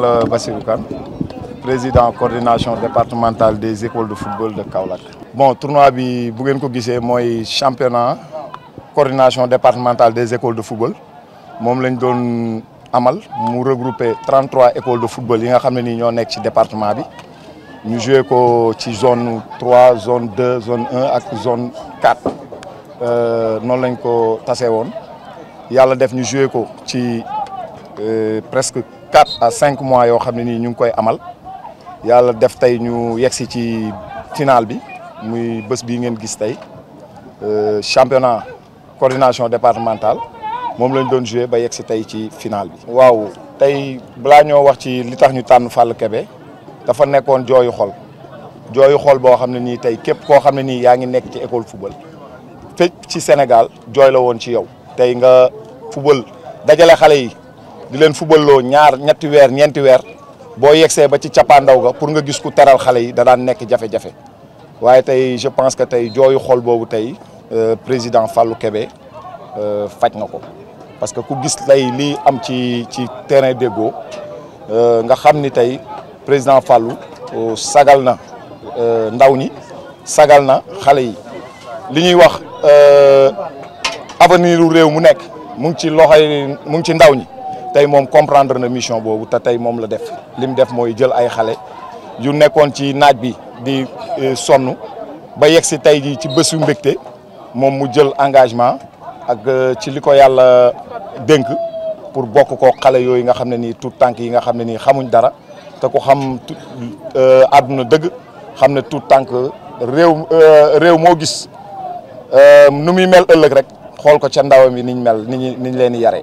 la président de président coordination départementale des écoles de football de Kaolack. bon tournoi bi le ngeen ko gisee championnat coordination départementale des écoles de football moom lañ doon amal Nous regroupé 33 écoles de football yi nga xam ne département Nous jouons dans ko ci zone 3 zone 2 zone 1 et zone 4 euh, Nous lañ ko tassé. woon 3. def ñu joué ko euh, presque quatre à 5 mois yo xamni ni ñu ngi koy amal yalla def tay ñu yegsi ci final bi muy bés bi ngeen gis tay euh championnat coordination départementale mom lañ doon jouer ba yegsi tay ci final bi. waaw tay bla ñoo wax ci li tax ñu tànn fall Kébé dafa nekkon joyu xol joyu xol bo xamni ni tay képp ko xamni ni yaangi nekk ci école football fecc ci Sénégal joy la won ci yow. tay nga football dajalé xalé yi di football lo ñaar ñetti wër ñenti wër bo yegsee ba ci cappaandaw ga pour nga gis ku téral xalé yi da daan nekk jafé jafé waye tay je pense que tay joyu xol boobu tey euh, président Fallou Kébé euh fajj nako parce que ku gis lay li am ci ci terrain euh nga xamni tay président Fallou euh, sagal na euh, ndaw ñi sagal na xalé yi li ñuy wax avenir u réew mu nekk mu ngi ci loxay mu ngi ci ndaw ñi tey moom comprendre na mission boobu te tey moom la def li mu def mooy jël ay xale yu nekkoon ci naaj bi di eh, sonn ba yegg si tey jii ci bësu mbégte moom mu jël engagement ak eh, ci li ko yàlla dénk pour bokk ko xale yooyu nga xam ne nii tout tànk yi nga xam ne nii xamuñ dara te ku xam eh, àdduna dëgg xam ne tout tànk réew réew moo gis nu muy mel ëllëg rek xool ko ca ndawam yi niñ mel niñ niñ leen di yaree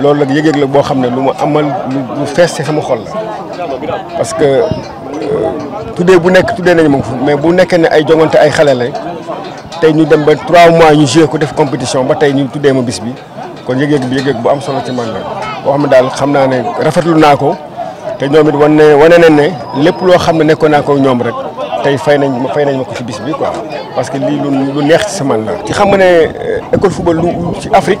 loolu nag yëg-yëg la boo xam ne lu ma amal lu fees sama xol la parce que euh, tuddee bu nekk tuddee nañu ma ko mais bu nekkee ne ay jongante ay xale la tey ñu dem ba trois mois ñu joué ko def compétition ba tey ñu tuddee ma bis bi kon yëg-yëg bi yëg bu am solo ci man la boo xam ne daal xam naa ne rafetlu naa ko te ñoom it wane wane nañ ne lépp loo xam ne nekkoon naa ko ñoom rek tey fay nañ ma fay nañ ma ko ci bis bi quoi parce que lii lu neex ci sama la. ci xam nga ne euh, école lu ci Afrique.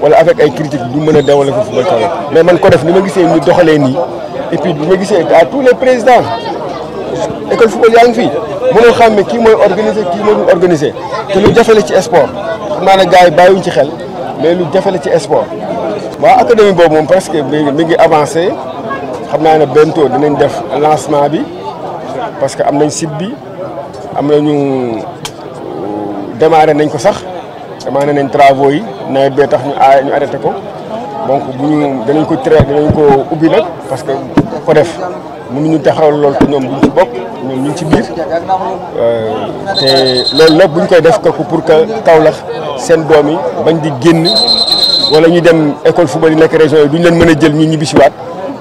wala avec ay critiques du mën a développer football Kaolack mais man ko def ni ma gisee ñu doxalee nii et puis bu ma gisé à tous les présidents école football yaa fi mëno mënoo ki moy organiser ki mooy ñu organiser te lu jafale ci sport xam naa ne gars ci xel mais lu jafale ci sport wa académie boobu mom parce que mi ngi avancer xam naa ne bientôt dinañ def lancement bi parce que am nañ site bi am nañu euh, démarré nañ ko sax demander nañ travaux yi nawet bee tax ñu aay ñu arrêté ko donc bu ñu danañ ko traité danañ ko ubbi nag parce que ko def mu ñu taxawal lool te ñoom buñ ci bokk ñu ngi ci biir euh, te loolu nag buñ koy def kooku pour que Kaolack seen doom yi bañ di génn wala ñu dem école football yi nekk région yi duñ leen mën a jël ñu ñibbisiwaat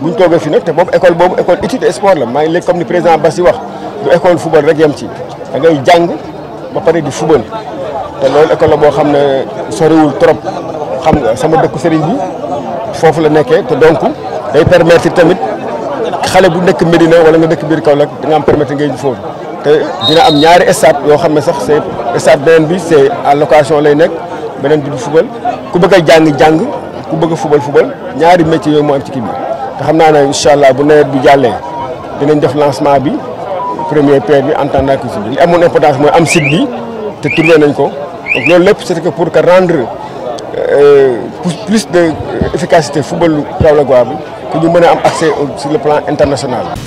buñ toogee fi nag te boobu école boobu école étude et sport la maa ngi léegi comme ni président si wax du école football rek yem ci da ngay jàng ba pare di football. te loolu école la boo xam ne soriwul trop xam nga sama dëkku sëriñ bi foofu la nekkee te donc day permettre tamit xale bu nekk Médina wala nga dëkk biir kaw da danga am permettre ngay ji foofu. te dina am ñaari stade yoo xam ne sax c'est stade beneen bi c'est à lay nekk beneen bi du fubal ku bëgg a jàng jàng ku bëgg a fubal fubal ñaari métiers yooyu moo am ci kii bi. te xam naa ne incha allah bu nawet bi jàllee dinañ def lancement bi premier pierre bi en amoon importance mooy am site bi te trouvé nañ ko. loolu lépp c'était que pour que rendre euh, plus de efficacité football Kaolack bi que ñu mën a am accès sur le plan international.